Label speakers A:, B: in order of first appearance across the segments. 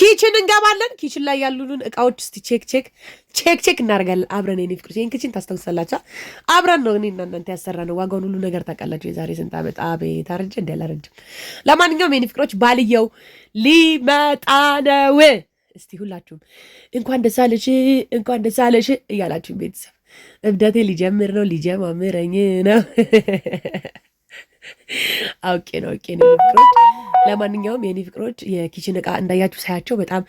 A: ኪችን እንገባለን። ኪችን ላይ ያሉንን እቃዎች ስ ቼክ ቼክ ቼክ ቼክ እናደርጋለን አብረን። የኔ ፍቅሮች ይህን ኪችን ታስታውሳላችሁ? አብረን ነው እኔ እናንተ ያሰራ ነው። ዋጋውን ሁሉ ነገር ታውቃላችሁ። የዛሬ ስንት ዓመት አቤት አረጀ እንዲ አላረጅም። ለማንኛውም የኔ ፍቅሮች ባልየው ሊመጣ ነው። እስቲ ሁላችሁም እንኳን ደስ አለሽ እንኳን ደስ አለሽ እያላችሁ ቤተሰብ እብደቴ ሊጀምር ነው ሊጀማምረኝ ነው አውቄ ነው አውቄ ነው ፍቅሮች። ለማንኛውም የኔ ፍቅሮች የኪችን እቃ እንዳያችሁ ሳያቸው በጣም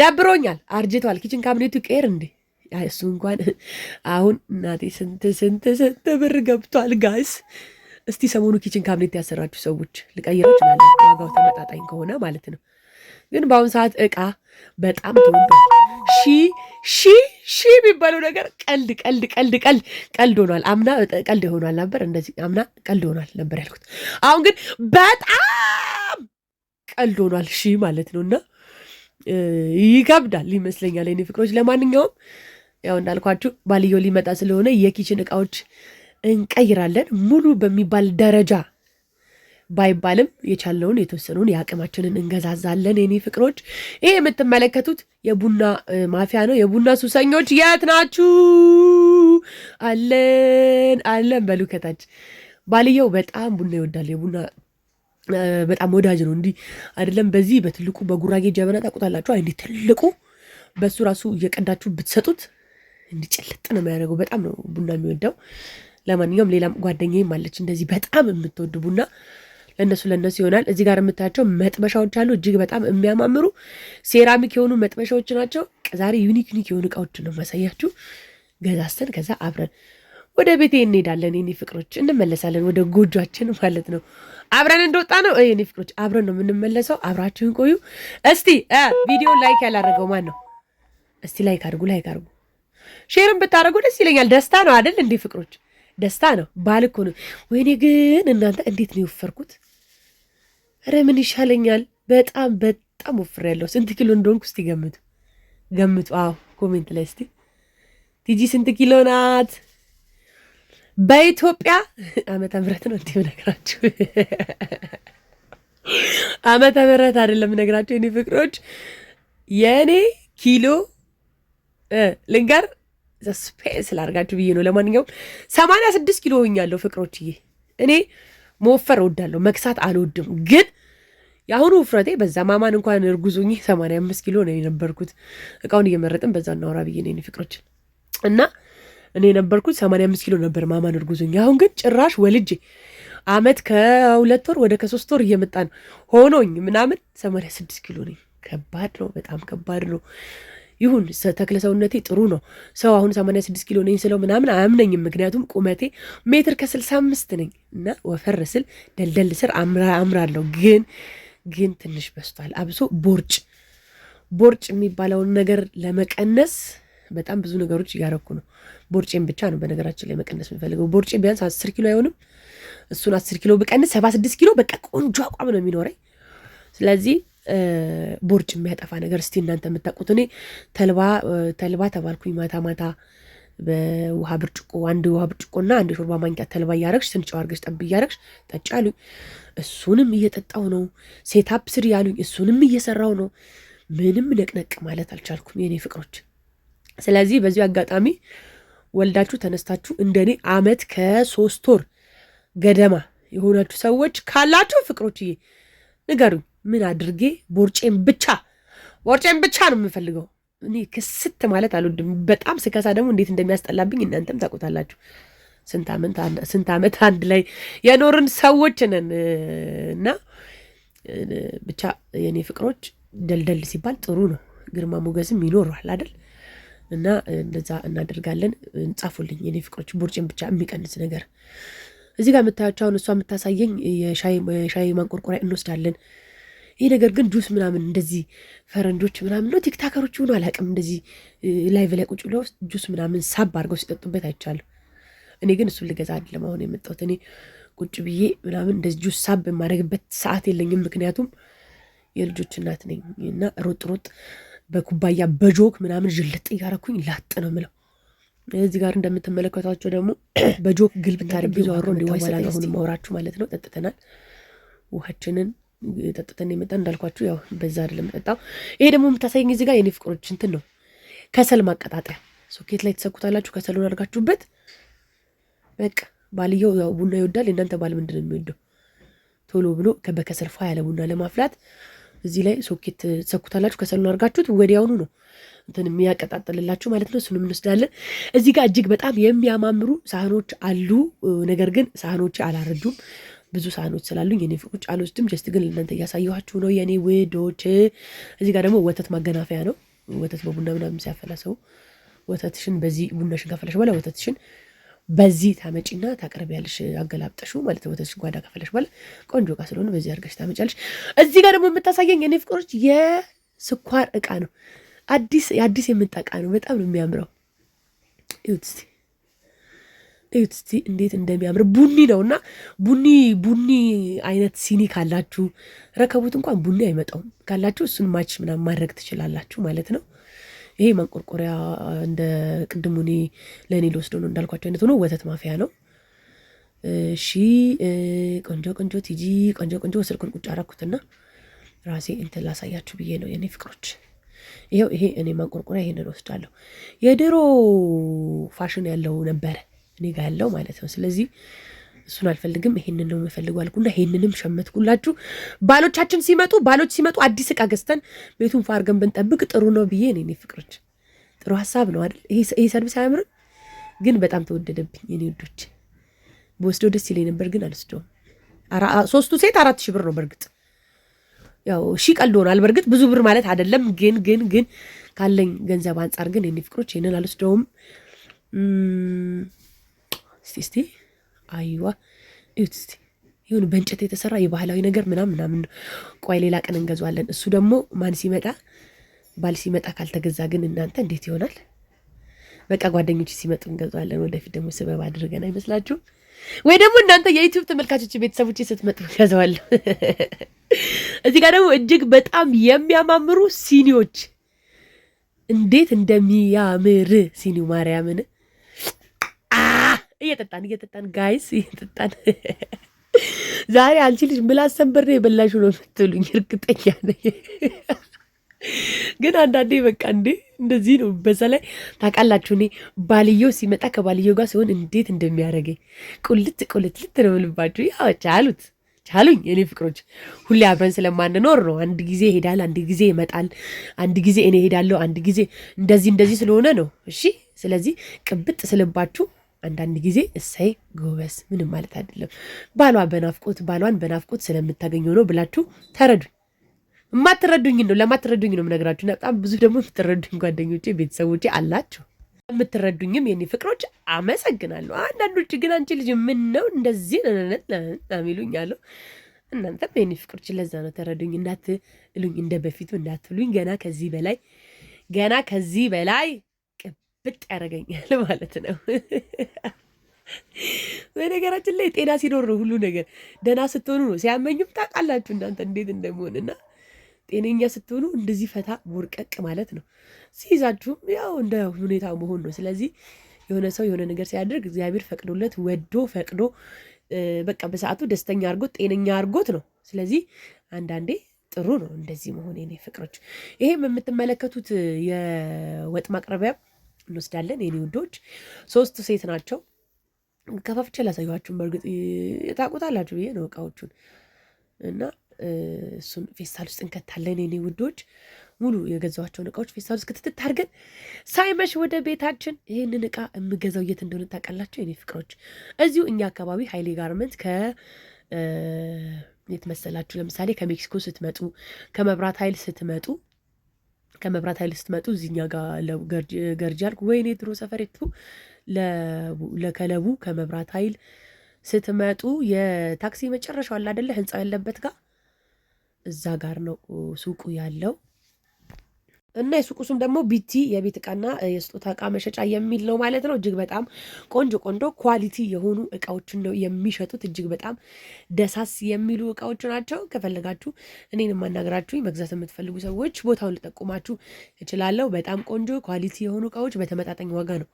A: ደብሮኛል፣ አርጅተዋል ኪችን ካብኔቱ ቄር እንዴ እሱ እንኳን አሁን እናቴ ስንት ስንት ስንት ብር ገብቷል ጋይስ። እስቲ ሰሞኑ ኪችን ካብኔት ያሰራችሁ ሰዎች ልቀይራችሁ፣ ዋጋው ተመጣጣኝ ከሆነ ማለት ነው። ግን በአሁኑ ሰዓት እቃ በጣም ሺ ሺ ሺ የሚባለው ነገር ቀልድ ቀልድ ቀልድ ቀልድ ቀልድ ሆኗል። አምና ቀልድ ሆኗል ነበር እንደዚህ አምና ቀልድ ሆኗል ነበር ያልኩት። አሁን ግን በጣም ቀልድ ሆኗል ሺ ማለት ነው። እና ይከብዳል ይመስለኛል የእኔ ፍቅሮች። ለማንኛውም ያው እንዳልኳችሁ ባልየው ሊመጣ ስለሆነ የኪችን እቃዎች እንቀይራለን ሙሉ በሚባል ደረጃ ባይባልም የቻለውን የተወሰነውን የአቅማችንን እንገዛዛለን። የኔ ፍቅሮች፣ ይሄ የምትመለከቱት የቡና ማፊያ ነው። የቡና ሱሰኞች የት ናችሁ? አለን አለን በሉ ከታች። ባልየው በጣም ቡና ይወዳል። የቡና በጣም ወዳጅ ነው። እንዲህ አይደለም በዚህ በትልቁ በጉራጌ ጀበና ታውቁታላችሁ። አይ እንዲህ ትልቁ በእሱ ራሱ እየቀዳችሁ ብትሰጡት እንዲጨለጥ ነው የሚያደርገው። በጣም ነው ቡና የሚወደው። ለማንኛውም ሌላም ጓደኛዬም አለች እንደዚህ በጣም የምትወድ ቡና ለእነሱ ለእነሱ ይሆናል። እዚህ ጋር የምታያቸው መጥበሻዎች አሉ። እጅግ በጣም የሚያማምሩ ሴራሚክ የሆኑ መጥበሻዎች ናቸው። ዛሬ ዩኒክ ዩኒክ የሆኑ እቃዎችን ነው ማሳያችሁ። ገዛስተን ከዛ አብረን ወደ ቤቴ እንሄዳለን። የኔ ፍቅሮች እንመለሳለን ወደ ጎጇችን ማለት ነው። አብረን እንደወጣ ነው የኔ ፍቅሮች፣ አብረን ነው የምንመለሰው። አብራችሁን ቆዩ። እስቲ ቪዲዮ ላይክ ያላደረገው ማን ነው? እስቲ ላይክ አድርጉ፣ ላይክ አድርጉ። ሼርም ብታደርጉ ደስ ይለኛል። ደስታ ነው አደል እንዴ ፍቅሮች? ደስታ ነው። ባል እኮ ነው። ወይኔ ግን እናንተ እንዴት ነው የወፈርኩት? ኧረ ምን ይሻለኛል? በጣም በጣም ወፍር ያለው ስንት ኪሎ እንደሆንኩ እስቲ ገምቱ፣ ገምቱ። አዎ ኮሜንት ላይ እስቲ ቲጂ ስንት ኪሎ ናት? በኢትዮጵያ ዓመተ ምሕረት ነው እንዴ የምነግራችሁ? ዓመተ ምሕረት አይደለም የምነግራችሁ የኔ ፍቅሮች፣ የእኔ ኪሎ ልንገር ስፔስ ላርጋችሁ ብዬ ነው። ለማንኛውም ሰማንያ ስድስት ኪሎ ሆኛለሁ ፍቅሮችዬ። እኔ መወፈር እወዳለሁ፣ መክሳት አልወድም። ግን የአሁኑ ውፍረቴ በዛ ማማን እንኳን እርጉዝ ሆኜ ሰማንያ አምስት ኪሎ ነው የነበርኩት። እቃውን እየመረጥን በዛ እናውራ ብዬ ነው ፍቅሮችን እና እኔ የነበርኩት ሰማንያ አምስት ኪሎ ነበር ማማን እርጉዝ አሁን ግን ጭራሽ ወልጄ አመት ከሁለት ወር ወደ ከሶስት ወር እየመጣ ነው ሆኖኝ ምናምን ሰማንያ ስድስት ኪሎ ነኝ። ከባድ ነው፣ በጣም ከባድ ነው። ይሁን ተክለ ሰውነቴ ጥሩ ነው። ሰው አሁን 86 ኪሎ ነኝ ስለው ምናምን አያምነኝም። ምክንያቱም ቁመቴ ሜትር ከ65 ነኝ እና ወፈር ስል ደልደል ስር አምራለሁ። ግን ግን ትንሽ በስቷል። አብሶ ቦርጭ ቦርጭ የሚባለውን ነገር ለመቀነስ በጣም ብዙ ነገሮች እያረኩ ነው። ቦርጬን ብቻ ነው በነገራችን ላይ መቀነስ የሚፈልገው። ቦርጬ ቢያንስ አስር ኪሎ አይሆንም። እሱን አስር ኪሎ ብቀንስ ሰባ ስድስት ኪሎ በቃ ቆንጆ አቋም ነው የሚኖረኝ ስለዚህ ቦርጭ የሚያጠፋ ነገር እስቲ እናንተ የምታውቁት። እኔ ተልባ ተልባ ተባልኩኝ ማታ ማታ በውሃ ብርጭቆ አንድ ውሃ ብርጭቆና አንድ ሾርባ ማንኪያ ተልባ እያረግሽ ስንጨው አርገሽ ጠብ እያረግሽ ጠጪ አሉኝ። እሱንም እየጠጣው ነው። ሴታፕ ስሪ ያሉኝ። እሱንም እየሰራው ነው። ምንም ነቅነቅ ማለት አልቻልኩም የኔ ፍቅሮች። ስለዚህ በዚሁ አጋጣሚ ወልዳችሁ ተነስታችሁ እንደኔ አመት ከሶስት ወር ገደማ የሆናችሁ ሰዎች ካላችሁ ፍቅሮችዬ ንገሩኝ። ምን አድርጌ ቦርጬን ብቻ ቦርጬን ብቻ ነው የምፈልገው። እኔ ክስት ማለት አልወድም። በጣም ስከሳ ደግሞ እንዴት እንደሚያስጠላብኝ እናንተም ታውቁታላችሁ። ስንት ዓመት አንድ ላይ የኖርን ሰዎች ነን እና ብቻ የእኔ ፍቅሮች ደልደል ሲባል ጥሩ ነው፣ ግርማ ሞገስም ይኖረዋል አይደል? እና እንደዛ እናደርጋለን። እንጻፉልኝ የኔ ፍቅሮች፣ ቦርጭን ብቻ የሚቀንስ ነገር እዚህ ጋር የምታያቸው አሁን እሷ የምታሳየኝ የሻይ ማንቆርቆሪያ እንወስዳለን። ይሄ ነገር ግን ጁስ ምናምን እንደዚህ ፈረንጆች ምናምን ነው ቲክታከሮች ሆኑ አላውቅም። እንደዚህ ላይቭ ላይ ቁጭ ብለው ጁስ ምናምን ሳብ አድርገው ሲጠጡበት አይቻለሁ። እኔ ግን እሱን ልገዛ አይደለም አሁን የመጣሁት። እኔ ቁጭ ብዬ ምናምን እንደዚህ ጁስ ሳብ የማደርግበት ሰዓት የለኝም። ምክንያቱም የልጆች እናት ነኝ እና ሮጥ ሮጥ በኩባያ በጆክ ምናምን ዥልጥ እያረኩኝ ላጥ ነው ምለው። እዚህ ጋር እንደምትመለከቷቸው ደግሞ በጆክ ግልብ ታሪክ ብዙ አሮ እንዲዋይ ስላለሁን ማውራችሁ ማለት ነው። ጠጥተናል ውሃችንን ጠጥተን የመጣ እንዳልኳችሁ ያው በዛ አይደለም የምጠጣው። ይሄ ደግሞ የምታሳየኝ እዚህ ጋር የኔ ፍቅሮች እንትን ነው ከሰል ማቀጣጠያ ሶኬት ላይ ተሰኩታላችሁ። ከሰሉን አድርጋችሁበት በቃ ባልየው ያው ቡና ይወዳል። የእናንተ ባል ምንድን ነው የሚወደው? ቶሎ ብሎ በከሰል ፋ ያለ ቡና ለማፍላት እዚህ ላይ ሶኬት ተሰኩታላችሁ። ከሰሉን አድርጋችሁት ወዲያውኑ ነው እንትን የሚያቀጣጥልላችሁ ማለት ነው። እሱንም እንወስዳለን። እዚህ ጋር እጅግ በጣም የሚያማምሩ ሳህኖች አሉ። ነገር ግን ሳህኖች አላረጁም። ብዙ ሳህኖች ስላሉኝ የኔ ፍቅሮች አልወስድም። ጀስት ግን ለእናንተ እያሳየኋችሁ ነው የኔ ውዶች። እዚህ ጋር ደግሞ ወተት ማገናፈያ ነው። ወተት በቡና ምናምን ሲያፈላ ሰው ወተትሽን በዚህ ቡናሽን ካፈላሽ በኋላ ወተትሽን በዚህ ታመጪና ታቀርቢያለሽ። አገላብጠሹ ማለት ወተትሽን ጓዳ ካፈላሽ በኋላ ቆንጆ እቃ ስለሆነ በዚህ አድርገሽ ታመጫለሽ። እዚህ ጋር ደግሞ የምታሳየኝ የኔ ፍቅሮች የስኳር እቃ ነው። አዲስ የአዲስ የምጣ እቃ ነው። በጣም ነው የሚያምረው። ይሁት እዩት እስቲ እንዴት እንደሚያምር ቡኒ ነው እና ቡኒ ቡኒ አይነት ሲኒ ካላችሁ ረከቡት እንኳን ቡኒ አይመጣውም ካላችሁ እሱን ማች ምናምን ማድረግ ትችላላችሁ ማለት ነው። ይሄ ማንቆርቆሪያ እንደ ቅድሙ እኔ ለእኔ ልወስደው ነው እንዳልኳቸው አይነት ሆኖ ወተት ማፍያ ነው። እሺ ቆንጆ ቆንጆ ቲጂ ቆንጆ ቆንጆ ስልኩን ቁጭ አረኩትና ራሴ እንትን ላሳያችሁ ብዬ ነው የኔ ፍቅሮች። ይኸው ይሄ እኔ ማንቆርቆሪያ ይሄንን ወስዳለሁ። የድሮ ፋሽን ያለው ነበረ እኔ ጋ ያለው ማለት ነው። ስለዚህ እሱን አልፈልግም፣ ይሄንን ነው የምፈልገው አልኩና ይሄንንም ሸመትኩላችሁ። ባሎቻችን ሲመጡ ባሎች ሲመጡ አዲስ እቃ ገዝተን ቤቱን ፋርገን ብንጠብቅ ጥሩ ነው ብዬ እኔ ፍቅሮች፣ ጥሩ ሀሳብ ነው አይደል? ይሄ ሰርቪስ አያምርም? ግን በጣም ተወደደብኝ። የኔ ውዶች በወስደው ደስ ይለኝ ነበር፣ ግን አልወስደውም። ሶስቱ ሴት አራት ሺ ብር ነው። በእርግጥ ያው ሺ ቀልድ ሆናል። በእርግጥ ብዙ ብር ማለት አይደለም፣ ግን ግን ግን ካለኝ ገንዘብ አንጻር ግን የኔ ፍቅሮች ይህንን አልወስደውም። እስቲ እስቲ አይዋ እዩት እስቲ ይሁን በእንጨት የተሰራ የባህላዊ ነገር ምናምን ምናምን። ቆይ ሌላ ቀን እንገዛዋለን። እሱ ደግሞ ማን ሲመጣ ባል ሲመጣ ካልተገዛ ግን እናንተ እንዴት ይሆናል? በቃ ጓደኞች ሲመጡ እንገዛዋለን። ወደፊት ደግሞ ስበብ አድርገን አይመስላችሁ ወይ? ደግሞ እናንተ የዩቲዩብ ተመልካቾች ቤተሰቦች ስትመጡ ገዛዋለሁ። እዚህ ጋር ደግሞ እጅግ በጣም የሚያማምሩ ሲኒዎች እንዴት እንደሚያምር ሲኒው ማርያምን እየጠጣን እየጠጣን ጋይስ እየጠጣን ዛሬ አንቺ ልጅ ምላስ ሰንበሬ የበላሽው ነው የምትሉኝ እርግጠኛ ነኝ። ግን አንዳንዴ በቃ እንዴ እንደዚህ ነው። በዛ ላይ ታውቃላችሁ እኔ ባልየው ሲመጣ ከባልየው ጋር ሲሆን እንዴት እንደሚያደርገኝ ቁልት ቁልት ልት ነው የምልባችሁ። ያው ቻሉት ቻሉኝ እኔ ፍቅሮች ሁሌ አብረን ስለማንኖር ነው። አንድ ጊዜ ይሄዳል፣ አንድ ጊዜ ይመጣል፣ አንድ ጊዜ እኔ ሄዳለሁ፣ አንድ ጊዜ እንደዚህ እንደዚህ ስለሆነ ነው። እሺ ስለዚህ ቅብጥ ስልባችሁ አንዳንድ ጊዜ እሰይ ጎበስ ምንም ማለት አይደለም። ባሏ በናፍቆት ባሏን በናፍቆት ስለምታገኘው ነው ብላችሁ ተረዱኝ። የማትረዱኝ ነው ለማትረዱኝ ነው የምነግራችሁ። በጣም ብዙ ደግሞ የምትረዱኝ ጓደኞቼ፣ ቤተሰቦቼ አላችሁ የምትረዱኝም የኔ ፍቅሮች አመሰግናለሁ። አንዳንዶች ግን አንቺ ልጅ ምን ነው እንደዚህ ነነነት ሚሉኝ አለው። እናንተም የኔ ፍቅሮች ለዛ ነው ተረዱኝ፣ እንዳትሉኝ እንደ በፊቱ እንዳትሉኝ። ገና ከዚህ በላይ ገና ከዚህ በላይ ብጥ ያደርገኛል ማለት ነው። በነገራችን ላይ ጤና ሲኖር ነው ሁሉ ነገር። ደህና ስትሆኑ ነው ሲያመኝም ታውቃላችሁ እናንተ እንዴት እንደሚሆን እና ጤነኛ ስትሆኑ እንደዚህ ፈታ ቦርቀቅ ማለት ነው። ሲይዛችሁም ያው እንደ ሁኔታ መሆን ነው። ስለዚህ የሆነ ሰው የሆነ ነገር ሲያደርግ እግዚአብሔር ፈቅዶለት ወዶ ፈቅዶ በቃ በሰዓቱ ደስተኛ አድርጎት ጤነኛ አድርጎት ነው። ስለዚህ አንዳንዴ ጥሩ ነው እንደዚህ መሆን የኔ ፍቅሮች። ይሄም የምትመለከቱት የወጥ ማቅረቢያ እንወስዳለን። የኔ ውዶች ሶስት ሴት ናቸው። ከፋፍቼ ላሳዩችሁን በእርግጥ የታቁታላችሁ ብዬ ነው እቃዎቹን እና እሱን ፌስታል ውስጥ እንከታለን የኔ ውዶች። ሙሉ የገዛኋቸውን እቃዎች ፌስታል ውስጥ ክትትት አድርገን ሳይመሽ ወደ ቤታችን። ይህንን እቃ የምገዛው የት እንደሆነ ታውቃላችሁ የኔ ፍቅሮች? እዚሁ እኛ አካባቢ ሀይሌ ጋርመንት ከ የት መሰላችሁ? ለምሳሌ ከሜክሲኮ ስትመጡ፣ ከመብራት ኃይል ስትመጡ ከመብራት ኃይል ስትመጡ እዚኛ ጋር ገርጂ አልኩ። ወይኔ ድሮ ሰፈሬቱ ለከለቡ ከመብራት ኃይል ስትመጡ የታክሲ መጨረሻው አለ አደለ ህንፃው ያለበት ጋር እዛ ጋር ነው ሱቁ ያለው። እና የሱቁ ስም ደግሞ ቢቲ የቤት እቃና የስጦታ እቃ መሸጫ የሚል ነው ማለት ነው። እጅግ በጣም ቆንጆ ቆንጆ ኳሊቲ የሆኑ እቃዎችን ነው የሚሸጡት። እጅግ በጣም ደሳስ የሚሉ እቃዎች ናቸው። ከፈለጋችሁ እኔን የማናገራችሁ መግዛት የምትፈልጉ ሰዎች ቦታውን ልጠቁማችሁ እችላለሁ። በጣም ቆንጆ ኳሊቲ የሆኑ እቃዎች በተመጣጣኝ ዋጋ ነው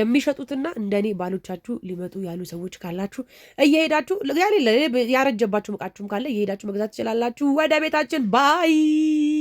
A: የሚሸጡትና እንደኔ ባሎቻችሁ ሊመጡ ያሉ ሰዎች ካላችሁ እየሄዳችሁ ያሌለ ያረጀባችሁ እቃችሁም ካለ እየሄዳችሁ መግዛት ትችላላችሁ። ወደ ቤታችን ባይ